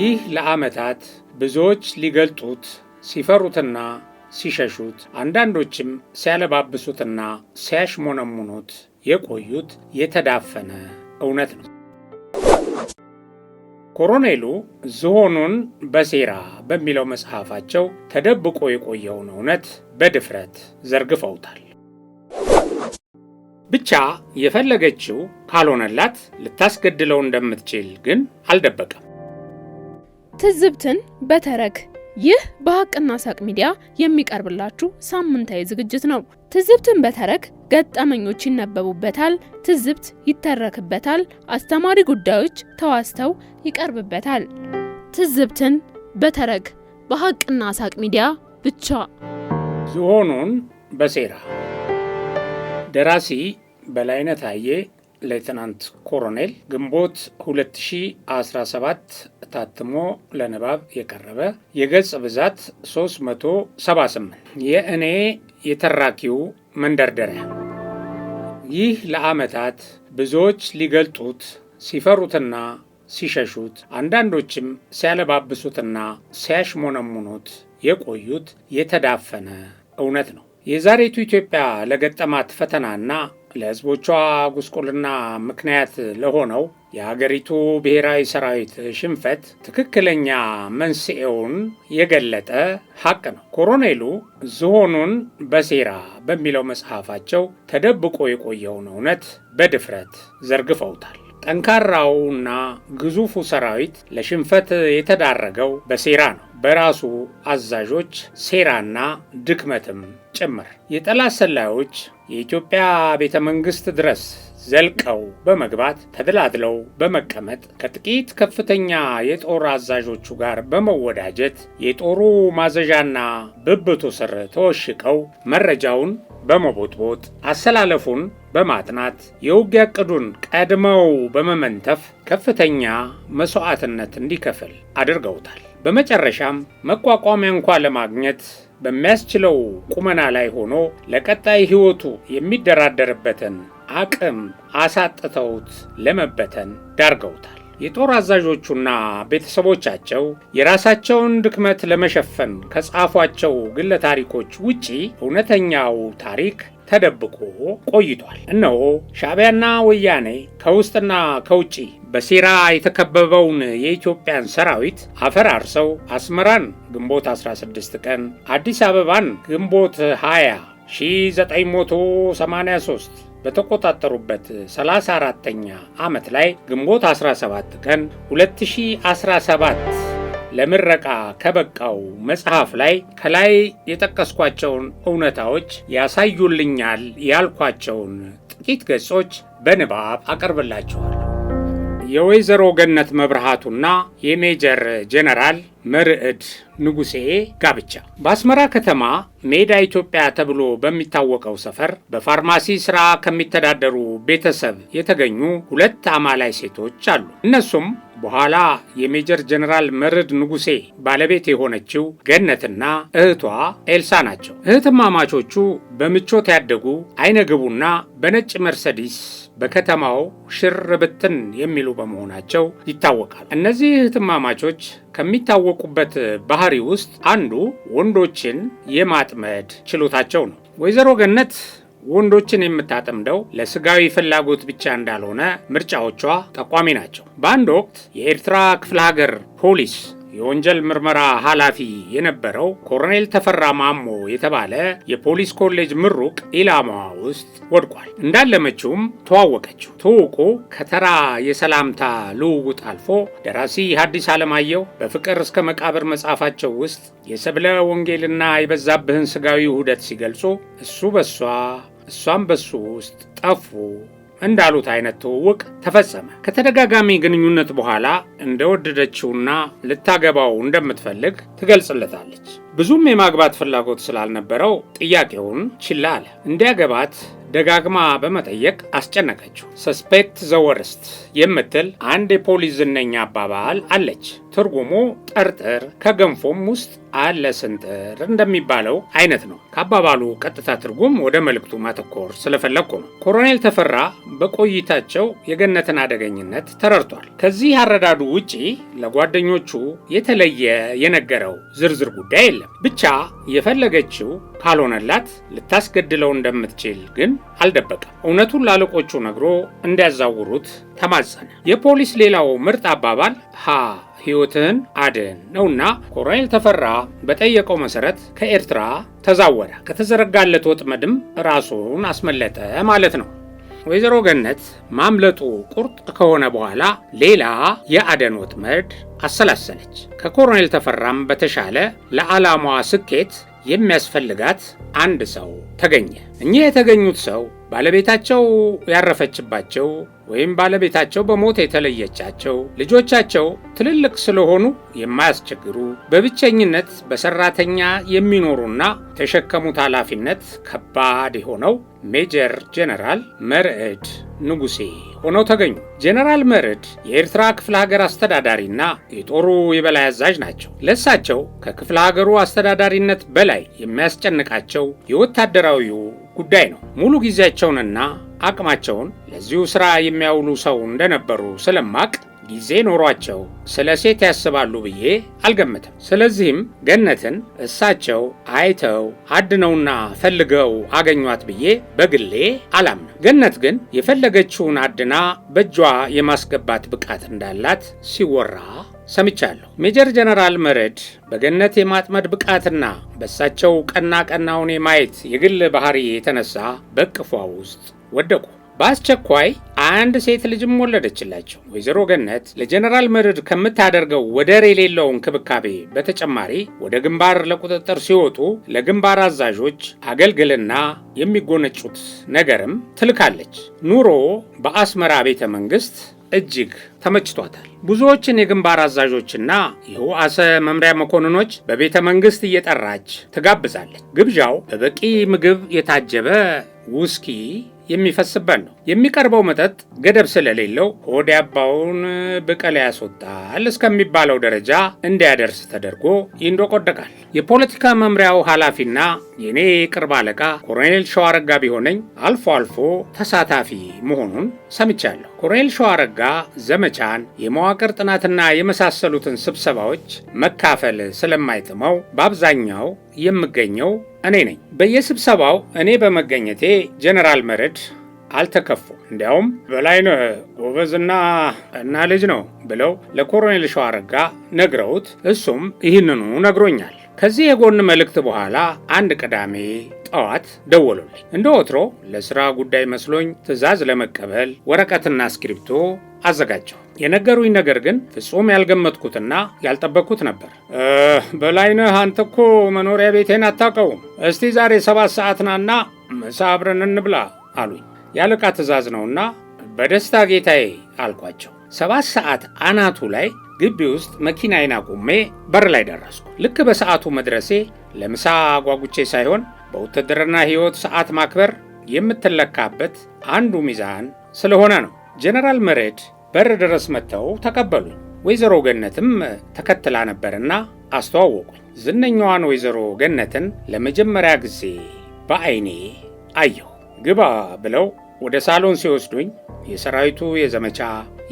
ይህ ለዓመታት ብዙዎች ሊገልጡት ሲፈሩትና ሲሸሹት አንዳንዶችም ሲያለባብሱትና ሲያሽሞነሙኑት የቆዩት የተዳፈነ እውነት ነው። ኮሎኔሉ ዝሆኑን በሴራ በሚለው መጽሐፋቸው ተደብቆ የቆየውን እውነት በድፍረት ዘርግፈውታል። ብቻ የፈለገችው ካልሆነላት ልታስገድለው እንደምትችል ግን አልደበቀም። ትዝብትን በተረክ ይህ በሀቅና ሳቅ ሚዲያ የሚቀርብላችሁ ሳምንታዊ ዝግጅት ነው። ትዝብትን በተረክ ገጠመኞች ይነበቡበታል፣ ትዝብት ይተረክበታል፣ አስተማሪ ጉዳዮች ተዋስተው ይቀርብበታል። ትዝብትን በተረክ በሀቅና ሳቅ ሚዲያ ብቻ። ዝሆኑን በሴራ ደራሲ በላይነት አየ ሌትናንት ኮሎኔል ግንቦት 2017 ታትሞ ለንባብ የቀረበ የገጽ ብዛት 378 የእኔ የተራኪው መንደርደሪያ ይህ ለዓመታት ብዙዎች ሊገልጡት ሲፈሩትና ሲሸሹት አንዳንዶችም ሲያለባብሱትና ሲያሽሞነሙኑት የቆዩት የተዳፈነ እውነት ነው። የዛሬቱ ኢትዮጵያ ለገጠማት ፈተናና ለሕዝቦቿ ጉስቁልና ምክንያት ለሆነው የአገሪቱ ብሔራዊ ሰራዊት ሽንፈት ትክክለኛ መንስኤውን የገለጠ ሐቅ ነው። ኮሎኔሉ ዝሆኑን በሴራ በሚለው መጽሐፋቸው ተደብቆ የቆየውን እውነት በድፍረት ዘርግፈውታል። ጠንካራውና ግዙፉ ሰራዊት ለሽንፈት የተዳረገው በሴራ ነው፣ በራሱ አዛዦች ሴራና ድክመትም ጭምር የጠላት ሰላዮች የኢትዮጵያ ቤተ መንግሥት ድረስ ዘልቀው በመግባት ተደላድለው በመቀመጥ ከጥቂት ከፍተኛ የጦር አዛዦቹ ጋር በመወዳጀት የጦሩ ማዘዣና ብብቱ ስር ተወሽቀው መረጃውን በመቦጥቦጥ አሰላለፉን በማጥናት የውጊያ ዕቅዱን ቀድመው በመመንተፍ ከፍተኛ መሥዋዕትነት እንዲከፍል አድርገውታል። በመጨረሻም መቋቋሚያ እንኳ ለማግኘት በሚያስችለው ቁመና ላይ ሆኖ ለቀጣይ ሕይወቱ የሚደራደርበትን አቅም አሳጥተውት ለመበተን ዳርገውታል። የጦር አዛዦቹና ቤተሰቦቻቸው የራሳቸውን ድክመት ለመሸፈን ከጻፏቸው ግለ ታሪኮች ውጪ እውነተኛው ታሪክ ተደብቆ ቆይቷል። እነሆ ሻዕቢያና ወያኔ ከውስጥና ከውጭ በሴራ የተከበበውን የኢትዮጵያን ሰራዊት አፈራርሰው አስመራን ግንቦት 16 ቀን አዲስ አበባን ግንቦት 20 1983 በተቆጣጠሩበት 34ኛ ዓመት ላይ ግንቦት 17 ቀን 2017 ለምረቃ ከበቃው መጽሐፍ ላይ ከላይ የጠቀስኳቸውን እውነታዎች ያሳዩልኛል ያልኳቸውን ጥቂት ገጾች በንባብ አቀርብላችኋለሁ። የወይዘሮ ገነት መብርሃቱና የሜጀር ጄኔራል መርዕድ ንጉሴ ጋብቻ በአስመራ ከተማ ሜዳ ኢትዮጵያ ተብሎ በሚታወቀው ሰፈር በፋርማሲ ሥራ ከሚተዳደሩ ቤተሰብ የተገኙ ሁለት አማላይ ሴቶች አሉ። እነሱም በኋላ የሜጀር ጀነራል መርድ ንጉሴ ባለቤት የሆነችው ገነትና እህቷ ኤልሳ ናቸው። እህትማማቾቹ በምቾት ያደጉ አይነ ግቡና በነጭ መርሰዲስ በከተማው ሽር ብትን የሚሉ በመሆናቸው ይታወቃል። እነዚህ እህትማማቾች ከሚታወቁበት ባህሪ ውስጥ አንዱ ወንዶችን የማጥመድ ችሎታቸው ነው። ወይዘሮ ገነት ወንዶችን የምታጠምደው ለስጋዊ ፍላጎት ብቻ እንዳልሆነ ምርጫዎቿ ጠቋሚ ናቸው። በአንድ ወቅት የኤርትራ ክፍለ ሀገር ፖሊስ የወንጀል ምርመራ ኃላፊ የነበረው ኮሎኔል ተፈራ ማሞ የተባለ የፖሊስ ኮሌጅ ምሩቅ ኢላማዋ ውስጥ ወድቋል። እንዳለመችውም ተዋወቀችው። ትውቁ ከተራ የሰላምታ ልውውጥ አልፎ ደራሲ ሐዲስ ዓለማየሁ በፍቅር እስከ መቃብር መጽሐፋቸው ውስጥ የሰብለ ወንጌልና የበዛብህን ስጋዊ ውህደት ሲገልጹ እሱ በሷ እሷም በሱ ውስጥ ጠፉ እንዳሉት አይነት ትውውቅ ተፈጸመ። ከተደጋጋሚ ግንኙነት በኋላ እንደወደደችውና ልታገባው እንደምትፈልግ ትገልጽለታለች። ብዙም የማግባት ፍላጎት ስላልነበረው ጥያቄውን ችላ አለ። እንዲያገባት ደጋግማ በመጠየቅ አስጨነቀችው። ሰስፔክት ዘወርስት የምትል አንድ የፖሊስ ዝነኛ አባባል አለች። ትርጉሙ ጠርጥር፣ ከገንፎም ውስጥ አለ ስንጥር እንደሚባለው አይነት ነው። ከአባባሉ ቀጥታ ትርጉም ወደ መልእክቱ ማተኮር ስለፈለግኩ ነው። ኮሎኔል ተፈራ በቆይታቸው የገነትን አደገኝነት ተረድቷል። ከዚህ አረዳዱ ውጪ ለጓደኞቹ የተለየ የነገረው ዝርዝር ጉዳይ የለም። ብቻ የፈለገችው ካልሆነላት ልታስገድለው እንደምትችል ግን አልደበቀም። እውነቱን ላለቆቹ ነግሮ እንዲያዛውሩት ተማጸነ። የፖሊስ ሌላው ምርጥ አባባል ሀ ሕይወትህን አድን ነውና ኮሎኔል ተፈራ በጠየቀው መሰረት ከኤርትራ ተዛወረ። ከተዘረጋለት ወጥመድም ራሱን አስመለጠ ማለት ነው። ወይዘሮ ገነት ማምለጡ ቁርጥ ከሆነ በኋላ ሌላ የአደን ወጥመድ አሰላሰለች። ከኮሎኔል ተፈራም በተሻለ ለዓላማዋ ስኬት የሚያስፈልጋት አንድ ሰው ተገኘ። እኚህ የተገኙት ሰው ባለቤታቸው ያረፈችባቸው ወይም ባለቤታቸው በሞት የተለየቻቸው ልጆቻቸው ትልልቅ ስለሆኑ የማያስቸግሩ በብቸኝነት በሰራተኛ የሚኖሩና የተሸከሙት ኃላፊነት ከባድ የሆነው ሜጀር ጄኔራል መርዕድ ንጉሴ ሆነው ተገኙ። ጄኔራል መርዕድ የኤርትራ ክፍለ ሀገር አስተዳዳሪና የጦሩ የበላይ አዛዥ ናቸው። ለእሳቸው ከክፍለ ሀገሩ አስተዳዳሪነት በላይ የሚያስጨንቃቸው የወታደራዊው ጉዳይ ነው። ሙሉ ጊዜያቸውንና አቅማቸውን ለዚሁ ሥራ የሚያውሉ ሰው እንደነበሩ ስለማቅ ጊዜ ኖሯቸው ስለ ሴት ያስባሉ ብዬ አልገምትም። ስለዚህም ገነትን እሳቸው አይተው አድነውና ፈልገው አገኟት ብዬ በግሌ አላምንም። ገነት ግን የፈለገችውን አድና በእጇ የማስገባት ብቃት እንዳላት ሲወራ ሰምቻለሁ። ሜጀር ጀነራል መረድ በገነት የማጥመድ ብቃትና በሳቸው ቀና ቀናውን የማየት የግል ባህሪ የተነሳ በቅፏ ውስጥ ወደቁ። በአስቸኳይ አንድ ሴት ልጅም ወለደችላቸው። ወይዘሮ ገነት ለጀነራል መርድ ከምታደርገው ወደር የሌለው እንክብካቤ በተጨማሪ ወደ ግንባር ለቁጥጥር ሲወጡ ለግንባር አዛዦች አገልግልና የሚጎነጩት ነገርም ትልካለች። ኑሮ በአስመራ ቤተ መንግስት እጅግ ተመችቷታል። ብዙዎችን የግንባር አዛዦችና የህዋሰ መምሪያ መኮንኖች በቤተ መንግሥት እየጠራች ትጋብዛለች። ግብዣው በበቂ ምግብ የታጀበ ውስኪ የሚፈስበት ነው። የሚቀርበው መጠጥ ገደብ ስለሌለው ሆድ ያባውን ብቀላ ያስወጣል እስከሚባለው ደረጃ እንዲያደርስ ተደርጎ ይንዶቆደቃል። የፖለቲካ መምሪያው ኃላፊና የእኔ ቅርብ አለቃ ኮሎኔል ሸዋረጋ ቢሆነኝ አልፎ አልፎ ተሳታፊ መሆኑን ሰምቻለሁ። ኮሬል ሸዋረጋ ዘመቻን፣ የመዋቅር ጥናትና የመሳሰሉትን ስብሰባዎች መካፈል ስለማይጥመው በአብዛኛው የምገኘው እኔ ነኝ። በየስብሰባው እኔ በመገኘቴ ጀነራል መረድ አልተከፉ እንዲያውም በላይነህ ጎበዝና እና ልጅ ነው ብለው ለኮሎኔል ሸዋረጋ ነግረውት እሱም ይህንኑ ነግሮኛል። ከዚህ የጎን መልእክት በኋላ አንድ ቅዳሜ ጠዋት ደወሉልኝ። እንደ ወትሮ ለሥራ ጉዳይ መስሎኝ ትዕዛዝ ለመቀበል ወረቀትና እስክሪብቶ አዘጋጀው የነገሩኝ ነገር ግን ፍጹም ያልገመትኩትና ያልጠበቅኩት ነበር። በላይነህ አንተ እኮ መኖሪያ ቤቴን አታውቀውም። እስቲ ዛሬ ሰባት ሰዓት ናና ምሳ አብረን እንብላ አሉኝ። ያለቃ ትዕዛዝ ነውና በደስታ ጌታዬ አልኳቸው። ሰባት ሰዓት አናቱ ላይ ግቢ ውስጥ መኪናዬን አቁሜ በር ላይ ደረስኩ። ልክ በሰዓቱ መድረሴ ለምሳ አጓጉቼ ሳይሆን በውትድርና ሕይወት ሰዓት ማክበር የምትለካበት አንዱ ሚዛን ስለሆነ ነው። ጀነራል መሬድ በር ድረስ መጥተው ተቀበሉኝ። ወይዘሮ ገነትም ተከትላ ነበርና አስተዋወቁኝ። ዝነኛዋን ወይዘሮ ገነትን ለመጀመሪያ ጊዜ በዐይኔ አየሁ። ግባ ብለው ወደ ሳሎን ሲወስዱኝ የሰራዊቱ የዘመቻ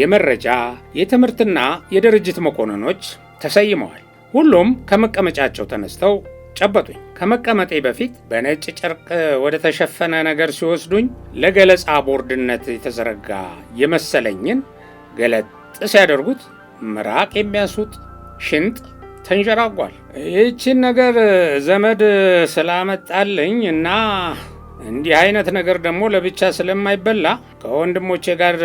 የመረጃ የትምህርትና የድርጅት መኮንኖች ተሰይመዋል። ሁሉም ከመቀመጫቸው ተነስተው ጨበጡኝ። ከመቀመጤ በፊት በነጭ ጨርቅ ወደ ተሸፈነ ነገር ሲወስዱኝ ለገለጻ ቦርድነት የተዘረጋ የመሰለኝን ገለጥ ሲያደርጉት ምራቅ የሚያስውጥ ሽንጥ ተንጀራጓል። ይህችን ነገር ዘመድ ስላመጣልኝ እና እንዲህ አይነት ነገር ደግሞ ለብቻ ስለማይበላ ከወንድሞቼ ጋር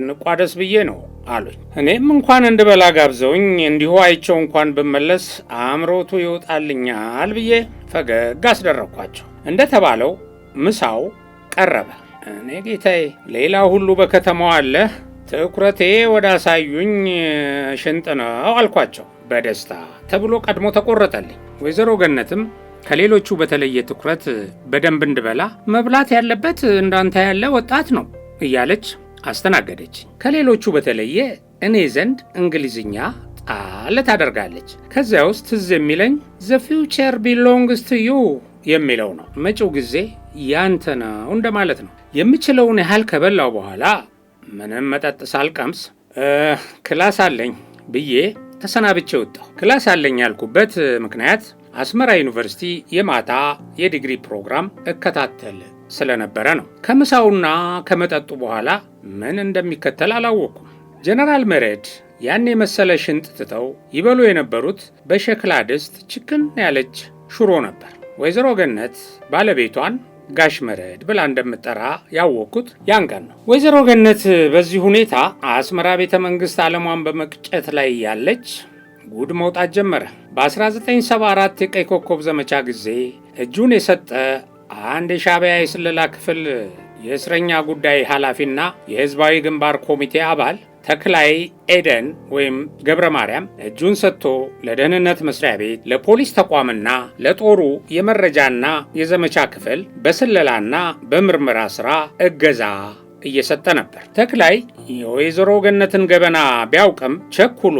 እንቋደስ ብዬ ነው አሉኝ። እኔም እንኳን እንድበላ ጋብዘውኝ እንዲሁ አይቸው እንኳን ብመለስ አእምሮቱ ይወጣልኛል ብዬ ፈገግ አስደረግኳቸው። እንደተባለው ምሳው ቀረበ። እኔ ጌታዬ፣ ሌላ ሁሉ በከተማው አለ፣ ትኩረቴ ወደ አሳዩኝ ሽንጥ ነው አልኳቸው። በደስታ ተብሎ ቀድሞ ተቆረጠልኝ። ወይዘሮ ገነትም ከሌሎቹ በተለየ ትኩረት በደንብ እንድበላ መብላት ያለበት እንዳንተ ያለ ወጣት ነው እያለች አስተናገደች። ከሌሎቹ በተለየ እኔ ዘንድ እንግሊዝኛ ጣል ታደርጋለች። ከዚያ ውስጥ ትዝ የሚለኝ ዘ ፊውቸር ቢሎንግስ ቱ ዩ የሚለው ነው። መጪው ጊዜ ያንተ ነው እንደማለት ነው። የምችለውን ያህል ከበላው በኋላ ምንም መጠጥ ሳልቀምስ ክላስ አለኝ ብዬ ተሰናብቼ ወጣሁ። ክላስ አለኝ ያልኩበት ምክንያት አስመራ ዩኒቨርሲቲ የማታ የዲግሪ ፕሮግራም እከታተል ስለነበረ ነው። ከምሳውና ከመጠጡ በኋላ ምን እንደሚከተል አላወቅኩም። ጀነራል መሬድ ያን የመሰለ ሽንጥ ትተው ይበሉ የነበሩት በሸክላ ድስት ችክን ያለች ሽሮ ነበር። ወይዘሮ ገነት ባለቤቷን ጋሽ መረድ ብላ እንደምጠራ ያወቅኩት ያን ቀን ነው። ወይዘሮ ገነት በዚህ ሁኔታ አስመራ ቤተ መንግስት አለሟን በመቅጨት ላይ ያለች ጉድ መውጣት ጀመረ። በ1974 የቀይ ኮከብ ዘመቻ ጊዜ እጁን የሰጠ አንድ የሻቢያ የስለላ ክፍል የእስረኛ ጉዳይ ኃላፊና የህዝባዊ ግንባር ኮሚቴ አባል ተክላይ ኤደን ወይም ገብረ ማርያም እጁን ሰጥቶ ለደህንነት መስሪያ ቤት ለፖሊስ ተቋምና ለጦሩ የመረጃና የዘመቻ ክፍል በስለላና በምርመራ ሥራ እገዛ እየሰጠ ነበር። ተክላይ የወይዘሮ ገነትን ገበና ቢያውቅም ቸኩሎ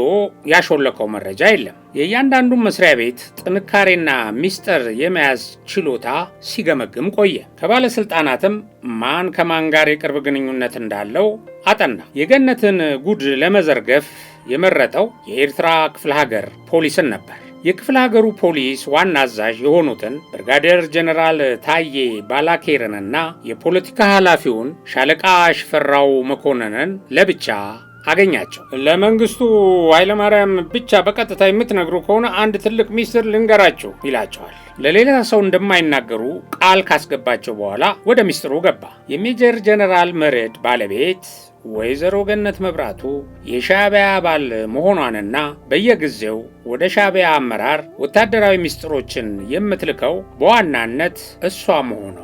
ያሾለከው መረጃ የለም። የእያንዳንዱ መስሪያ ቤት ጥንካሬና ሚስጥር የመያዝ ችሎታ ሲገመግም ቆየ። ከባለሥልጣናትም ማን ከማን ጋር የቅርብ ግንኙነት እንዳለው አጠና። የገነትን ጉድ ለመዘርገፍ የመረጠው የኤርትራ ክፍለ ሀገር ፖሊስን ነበር። የክፍለ ሀገሩ ፖሊስ ዋና አዛዥ የሆኑትን ብርጋዴር ጀኔራል ታዬ ባላኬርንና የፖለቲካ ኃላፊውን ሻለቃ ሽፈራው መኮንንን ለብቻ አገኛቸው። ለመንግስቱ ኃይለማርያም ብቻ በቀጥታ የምትነግሩ ከሆነ አንድ ትልቅ ሚስጥር ልንገራችሁ ይላቸዋል። ለሌላ ሰው እንደማይናገሩ ቃል ካስገባቸው በኋላ ወደ ሚስጥሩ ገባ። የሜጀር ጀነራል መሬድ ባለቤት ወይዘሮ ገነት መብራቱ የሻቢያ አባል መሆኗንና በየጊዜው ወደ ሻቢያ አመራር ወታደራዊ ሚስጥሮችን የምትልከው በዋናነት እሷ መሆኗ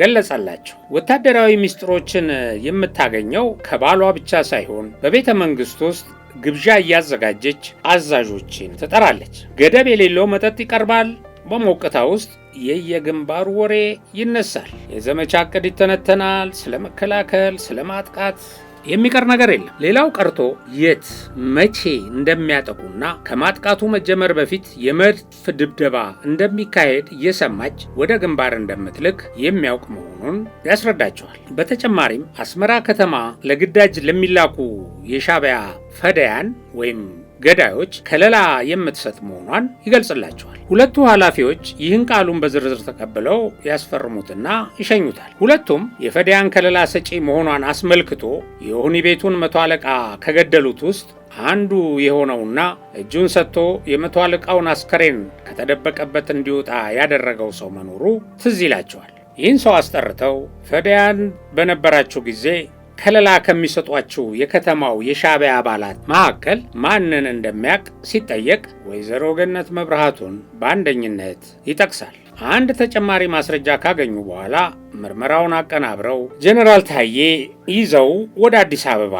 ገለጸላቸው። ወታደራዊ ምስጢሮችን የምታገኘው ከባሏ ብቻ ሳይሆን በቤተ መንግስት ውስጥ ግብዣ እያዘጋጀች አዛዦችን ትጠራለች። ገደብ የሌለው መጠጥ ይቀርባል። በሞቅታ ውስጥ የየግንባሩ ወሬ ይነሳል። የዘመቻ ዕቅድ ይተነተናል። ስለ መከላከል፣ ስለ ማጥቃት የሚቀር ነገር የለም። ሌላው ቀርቶ የት መቼ እንደሚያጠቁና ከማጥቃቱ መጀመር በፊት የመድፍ ድብደባ እንደሚካሄድ እየሰማች ወደ ግንባር እንደምትልክ የሚያውቅ መሆኑን ያስረዳቸዋል። በተጨማሪም አስመራ ከተማ ለግዳጅ ለሚላኩ የሻቢያ ፈዳያን ወይም ገዳዮች ከለላ የምትሰጥ መሆኗን ይገልጽላቸዋል። ሁለቱ ኃላፊዎች ይህን ቃሉን በዝርዝር ተቀብለው ያስፈርሙትና ይሸኙታል። ሁለቱም የፈዲያን ከለላ ሰጪ መሆኗን አስመልክቶ የወህኒ ቤቱን መቶ አለቃ ከገደሉት ውስጥ አንዱ የሆነውና እጁን ሰጥቶ የመቶ አለቃውን አስከሬን ከተደበቀበት እንዲወጣ ያደረገው ሰው መኖሩ ትዝ ይላቸዋል። ይህን ሰው አስጠርተው ፈዲያን በነበራችሁ ጊዜ ከለላ ከሚሰጧቸው የከተማው የሻዕቢያ አባላት መካከል ማንን እንደሚያውቅ ሲጠየቅ ወይዘሮ ገነት መብርሃቱን በአንደኝነት ይጠቅሳል። አንድ ተጨማሪ ማስረጃ ካገኙ በኋላ ምርመራውን አቀናብረው ጄኔራል ታዬ ይዘው ወደ አዲስ አበባ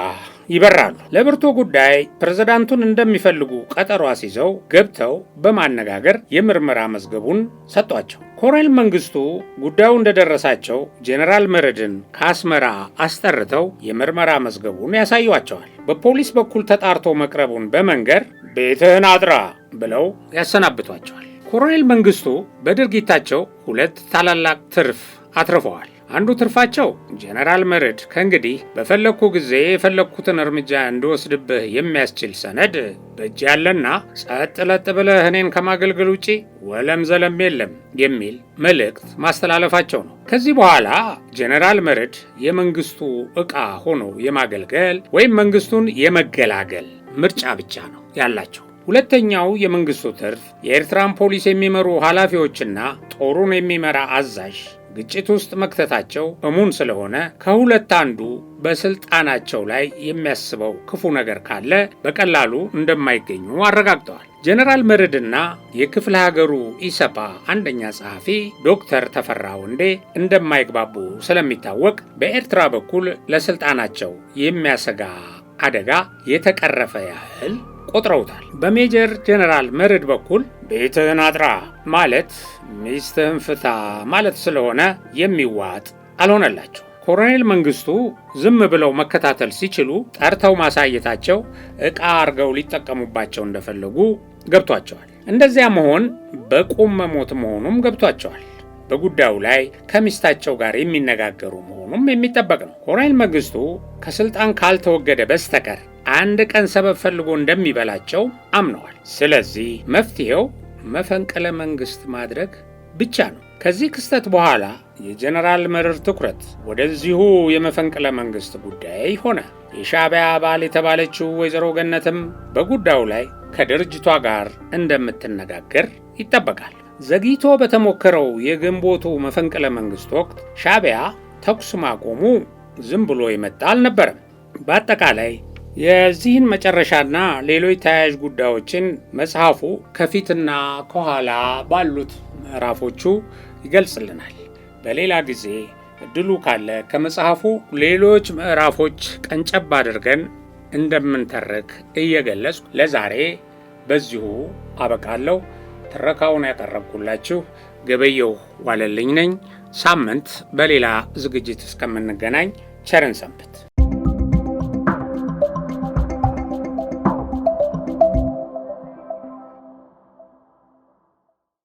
ይበራሉ። ለብርቱ ጉዳይ ፕሬዝዳንቱን እንደሚፈልጉ ቀጠሮ አስይዘው ገብተው በማነጋገር የምርመራ መዝገቡን ሰጧቸው። ኮሎኔል መንግስቱ ጉዳዩ እንደደረሳቸው ጄኔራል መረድን ከአስመራ አስጠርተው የምርመራ መዝገቡን ያሳዩቸዋል። በፖሊስ በኩል ተጣርቶ መቅረቡን በመንገር ቤትህን አጥራ ብለው ያሰናብቷቸዋል። ኮሎኔል መንግስቱ በድርጊታቸው ሁለት ታላላቅ ትርፍ አትርፈዋል። አንዱ ትርፋቸው ጀነራል መርድ ከእንግዲህ በፈለግኩ ጊዜ የፈለግኩትን እርምጃ እንድወስድብህ የሚያስችል ሰነድ በእጅ ያለና ጸጥ ለጥ ብለህ እኔን ከማገልገል ውጪ ወለም ዘለም የለም የሚል መልእክት ማስተላለፋቸው ነው። ከዚህ በኋላ ጀነራል መርድ የመንግስቱ ዕቃ ሆኖ የማገልገል ወይም መንግስቱን የመገላገል ምርጫ ብቻ ነው ያላቸው። ሁለተኛው የመንግስቱ ትርፍ የኤርትራን ፖሊስ የሚመሩ ኃላፊዎችና ጦሩን የሚመራ አዛዥ ግጭት ውስጥ መክተታቸው እሙን ስለሆነ ከሁለት አንዱ በስልጣናቸው ላይ የሚያስበው ክፉ ነገር ካለ በቀላሉ እንደማይገኙ አረጋግጠዋል። ጀነራል መርድና የክፍለ ሀገሩ ኢሰፓ አንደኛ ጸሐፊ ዶክተር ተፈራ ወንዴ እንደማይግባቡ ስለሚታወቅ በኤርትራ በኩል ለስልጣናቸው የሚያሰጋ አደጋ የተቀረፈ ያህል ቆጥረውታል። በሜጀር ጄኔራል መርድ በኩል ቤትህን አጥራ ማለት ሚስትህን ፍታ ማለት ስለሆነ የሚዋጥ አልሆነላቸው። ኮሎኔል መንግስቱ ዝም ብለው መከታተል ሲችሉ ጠርተው ማሳየታቸው ዕቃ አርገው ሊጠቀሙባቸው እንደፈለጉ ገብቷቸዋል። እንደዚያ መሆን በቁም መሞት መሆኑም ገብቷቸዋል። በጉዳዩ ላይ ከሚስታቸው ጋር የሚነጋገሩ መሆኑም የሚጠበቅ ነው። ኮሎኔል መንግስቱ ከስልጣን ካልተወገደ በስተቀር አንድ ቀን ሰበብ ፈልጎ እንደሚበላቸው አምነዋል። ስለዚህ መፍትሄው መፈንቅለ መንግስት ማድረግ ብቻ ነው። ከዚህ ክስተት በኋላ የጀነራል መረር ትኩረት ወደዚሁ የመፈንቅለ መንግስት ጉዳይ ሆነ። የሻዕቢያ አባል የተባለችው ወይዘሮ ገነትም በጉዳዩ ላይ ከድርጅቷ ጋር እንደምትነጋገር ይጠበቃል። ዘግይቶ በተሞከረው የግንቦቱ መፈንቅለ መንግስት ወቅት ሻዕቢያ ተኩስ ማቆሙ ዝም ብሎ የመጣ አልነበረም። በአጠቃላይ የዚህን መጨረሻና ሌሎች ተያያዥ ጉዳዮችን መጽሐፉ ከፊትና ከኋላ ባሉት ምዕራፎቹ ይገልጽልናል። በሌላ ጊዜ እድሉ ካለ ከመጽሐፉ ሌሎች ምዕራፎች ቀንጨብ አድርገን እንደምንተርክ እየገለጽኩ ለዛሬ በዚሁ አበቃለሁ። ትረካውን ያቀረብኩላችሁ ገበየሁ ዋለልኝ ነኝ። ሳምንት በሌላ ዝግጅት እስከምንገናኝ ቸርን ሰንብት።